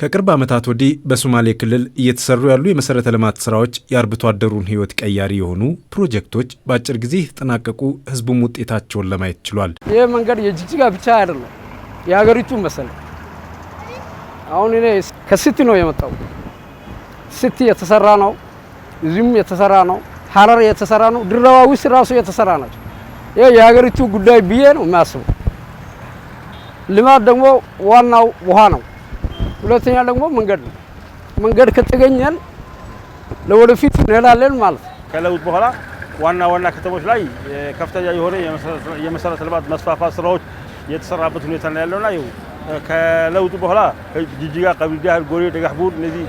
ከቅርብ ዓመታት ወዲህ በሶማሌ ክልል እየተሰሩ ያሉ የመሠረተ ልማት ስራዎች የአርብቶ አደሩን ሕይወት ቀያሪ የሆኑ ፕሮጀክቶች በአጭር ጊዜ የተጠናቀቁ ህዝቡም ውጤታቸውን ለማየት ችሏል። ይህ መንገድ የጅጅጋ ብቻ አይደለም፣ የሀገሪቱ መሰለኝ። አሁን እኔ ከሲቲ ነው የመጣው። ሲቲ የተሰራ ነው፣ እዚሁም የተሰራ ነው፣ ሀረር የተሰራ ነው፣ ድሬዳዋ ውስጥ ራሱ የተሰራ ናቸው። ይህ የሀገሪቱ ጉዳይ ብዬ ነው የሚያስበው። ልማት ደግሞ ዋናው ውሃ ነው። ሁለተኛ ደግሞ መንገድ ነው። መንገድ ከተገኘን ለወደፊት እንላለን ማለት ነው። ከለውጥ በኋላ ዋና ዋና ከተሞች ላይ ከፍተኛ የሆነ የመሰረተ ልማት መስፋፋት ስራዎች የተሰራበት ሁኔታ ነው ያለውና ይኸው ከለውጡ በኋላ ጅጅጋ፣ ቀብሪ፣ ጎሬ፣ ደጋህቡር እነዚህ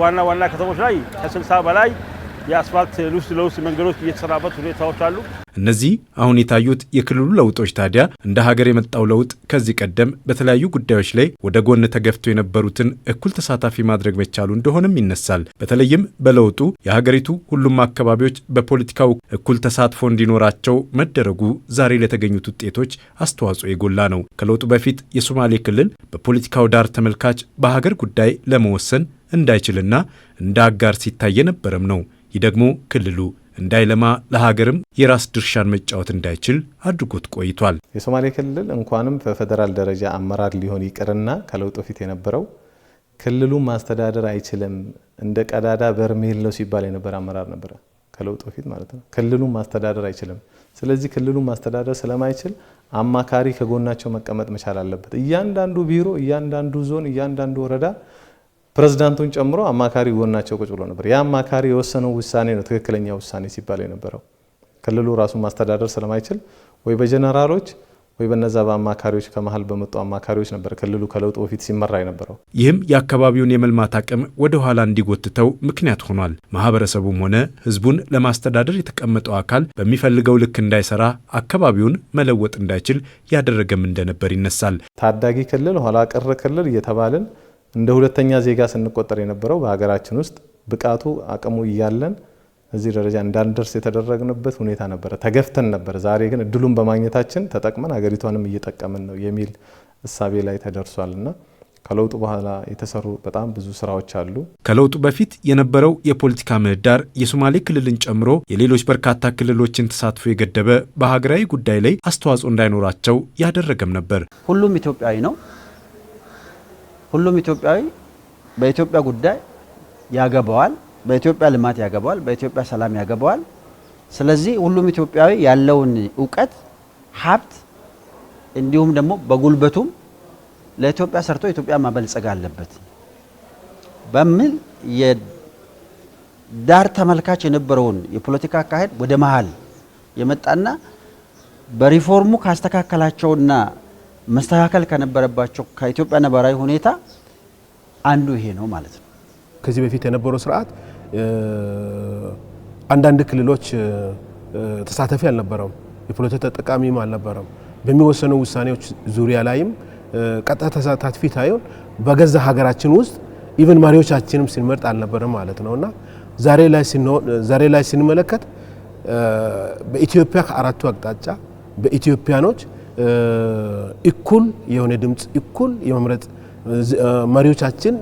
ዋና ዋና ከተሞች ላይ ከስልሳ በላይ የአስፋልት ልውስ ለውስ መንገዶች እየተሰራበት ሁኔታዎች አሉ። እነዚህ አሁን የታዩት የክልሉ ለውጦች ታዲያ እንደ ሀገር የመጣው ለውጥ ከዚህ ቀደም በተለያዩ ጉዳዮች ላይ ወደ ጎን ተገፍቶ የነበሩትን እኩል ተሳታፊ ማድረግ መቻሉ እንደሆነም ይነሳል። በተለይም በለውጡ የሀገሪቱ ሁሉም አካባቢዎች በፖለቲካው እኩል ተሳትፎ እንዲኖራቸው መደረጉ ዛሬ ለተገኙት ውጤቶች አስተዋጽኦ የጎላ ነው። ከለውጡ በፊት የሶማሌ ክልል በፖለቲካው ዳር ተመልካች በሀገር ጉዳይ ለመወሰን እንዳይችልና እንደ አጋር ሲታይ የነበረም ነው። ይህ ደግሞ ክልሉ እንዳይለማ ለሀገርም የራስ ድርሻን መጫወት እንዳይችል አድርጎት ቆይቷል። የሶማሌ ክልል እንኳንም በፌዴራል ደረጃ አመራር ሊሆን ይቅርና ከለውጥ ፊት የነበረው ክልሉን ማስተዳደር አይችልም እንደ ቀዳዳ በርሜል ነው ሲባል የነበረ አመራር ነበረ። ከለውጥ ፊት ማለት ነው። ክልሉን ማስተዳደር አይችልም። ስለዚህ ክልሉን ማስተዳደር ስለማይችል አማካሪ ከጎናቸው መቀመጥ መቻል አለበት። እያንዳንዱ ቢሮ፣ እያንዳንዱ ዞን፣ እያንዳንዱ ወረዳ ፕሬዝዳንቱን ጨምሮ አማካሪ ጎናቸው ቁጭ ብሎ ነበር። ያ አማካሪ የወሰነው ውሳኔ ነው ትክክለኛ ውሳኔ ሲባል የነበረው። ክልሉ ራሱን ማስተዳደር ስለማይችል ወይ በጀነራሎች ወይ በነዛ በአማካሪዎች ከመሀል በመጡ አማካሪዎች ነበር ክልሉ ከለውጡ በፊት ሲመራ የነበረው። ይህም የአካባቢውን የመልማት አቅም ወደ ኋላ እንዲጎትተው ምክንያት ሆኗል። ማህበረሰቡም ሆነ ህዝቡን ለማስተዳደር የተቀመጠው አካል በሚፈልገው ልክ እንዳይሰራ፣ አካባቢውን መለወጥ እንዳይችል ያደረገም እንደነበር ይነሳል። ታዳጊ ክልል፣ ኋላ ቀር ክልል እየተባልን እንደ ሁለተኛ ዜጋ ስንቆጠር የነበረው በሀገራችን ውስጥ ብቃቱ አቅሙ እያለን እዚህ ደረጃ እንዳንደርስ የተደረግንበት ሁኔታ ነበረ። ተገፍተን ነበር። ዛሬ ግን እድሉን በማግኘታችን ተጠቅመን ሀገሪቷንም እየጠቀምን ነው የሚል እሳቤ ላይ ተደርሷል እና ከለውጡ በኋላ የተሰሩ በጣም ብዙ ስራዎች አሉ። ከለውጡ በፊት የነበረው የፖለቲካ ምህዳር የሶማሌ ክልልን ጨምሮ የሌሎች በርካታ ክልሎችን ተሳትፎ የገደበ፣ በሀገራዊ ጉዳይ ላይ አስተዋጽኦ እንዳይኖራቸው ያደረገም ነበር። ሁሉም ኢትዮጵያዊ ነው። ሁሉም ኢትዮጵያዊ በኢትዮጵያ ጉዳይ ያገባዋል፣ በኢትዮጵያ ልማት ያገባዋል፣ በኢትዮጵያ ሰላም ያገባዋል። ስለዚህ ሁሉም ኢትዮጵያዊ ያለውን እውቀት ሀብት፣ እንዲሁም ደግሞ በጉልበቱም ለኢትዮጵያ ሰርቶ ኢትዮጵያ ማበልጸግ አለበት በሚል የዳር ተመልካች የነበረውን የፖለቲካ አካሄድ ወደ መሀል የመጣና በሪፎርሙ ካስተካከላቸውና መስተካከል ከነበረባቸው ከኢትዮጵያ ነባራዊ ሁኔታ አንዱ ይሄ ነው ማለት ነው። ከዚህ በፊት የነበረው ስርዓት አንዳንድ ክልሎች ተሳተፊ አልነበረም፣ የፖለቲካ ተጠቃሚም አልነበረም። በሚወሰኑ ውሳኔዎች ዙሪያ ላይም ቀጥታ ተሳታፊ ሳይሆን በገዛ ሀገራችን ውስጥ ኢቨን መሪዎቻችንም ስንመርጥ አልነበረም ማለት ነው እና ዛሬ ላይ ስንመለከት በኢትዮጵያ ከአራቱ አቅጣጫ በኢትዮጵያኖች እኩል የሆነ ድምፅ እኩል የመምረጥ መሪዎቻችን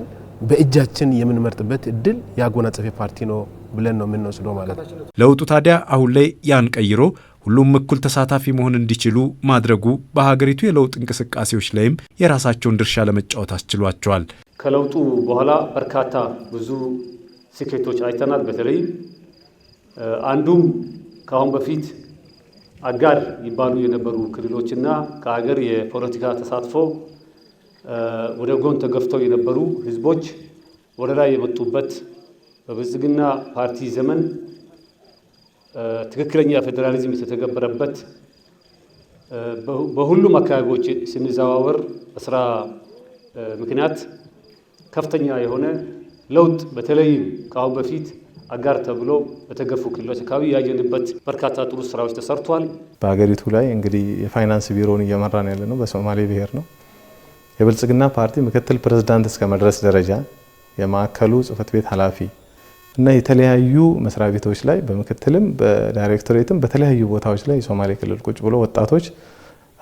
በእጃችን የምንመርጥበት እድል ያጎናጸፈ ፓርቲ ነው ብለን ነው የምንወስደው ማለት ነው። ለውጡ ታዲያ አሁን ላይ ያን ቀይሮ ሁሉም እኩል ተሳታፊ መሆን እንዲችሉ ማድረጉ በሀገሪቱ የለውጥ እንቅስቃሴዎች ላይም የራሳቸውን ድርሻ ለመጫወት አስችሏቸዋል። ከለውጡ በኋላ በርካታ ብዙ ስኬቶች አይተናል። በተለይም አንዱም ከአሁን በፊት አጋር ይባሉ የነበሩ ክልሎችና ከሀገር የፖለቲካ ተሳትፎ ወደ ጎን ተገፍተው የነበሩ ህዝቦች ወደ ላይ የመጡበት በብልጽግና ፓርቲ ዘመን ትክክለኛ ፌዴራሊዝም የተተገበረበት በሁሉም አካባቢዎች ስንዘዋወር በስራ ምክንያት ከፍተኛ የሆነ ለውጥ በተለይም ከአሁን በፊት አጋር ተብሎ በተገፉ ክልሎች አካባቢ ያየንበት በርካታ ጥሩ ስራዎች ተሰርቷል። በሀገሪቱ ላይ እንግዲህ የፋይናንስ ቢሮውን እየመራን ያለ ነው በሶማሌ ብሔር ነው። የብልጽግና ፓርቲ ምክትል ፕሬዝዳንት እስከ መድረስ ደረጃ የማዕከሉ ጽህፈት ቤት ኃላፊ እና የተለያዩ መስሪያ ቤቶች ላይ በምክትልም በዳይሬክቶሬትም በተለያዩ ቦታዎች ላይ የሶማሌ ክልል ቁጭ ብሎ ወጣቶች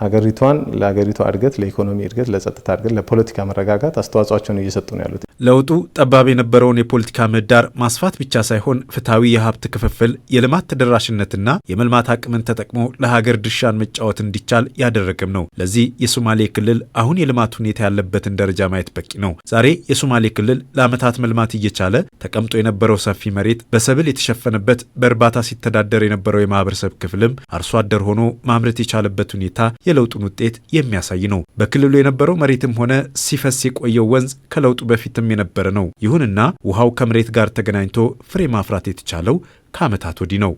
ሀገሪቷን ለሀገሪቷ እድገት፣ ለኢኮኖሚ እድገት፣ ለጸጥታ እድገት፣ ለፖለቲካ መረጋጋት አስተዋጽኦቸውን እየሰጡ ነው ያሉት ለውጡ ጠባብ የነበረውን የፖለቲካ ምህዳር ማስፋት ብቻ ሳይሆን ፍትሐዊ የሀብት ክፍፍል፣ የልማት ተደራሽነትና የመልማት አቅምን ተጠቅሞ ለሀገር ድርሻን መጫወት እንዲቻል ያደረገም ነው። ለዚህ የሶማሌ ክልል አሁን የልማት ሁኔታ ያለበትን ደረጃ ማየት በቂ ነው። ዛሬ የሶማሌ ክልል ለዓመታት መልማት እየቻለ ተቀምጦ የነበረው ሰፊ መሬት በሰብል የተሸፈነበት፣ በእርባታ ሲተዳደር የነበረው የማህበረሰብ ክፍልም አርሶ አደር ሆኖ ማምረት የቻለበት ሁኔታ የለውጡን ውጤት የሚያሳይ ነው። በክልሉ የነበረው መሬትም ሆነ ሲፈስ የቆየው ወንዝ ከለውጡ በፊትም የነበረ ነው። ይሁንና ውሃው ከመሬት ጋር ተገናኝቶ ፍሬ ማፍራት የተቻለው ከዓመታት ወዲህ ነው።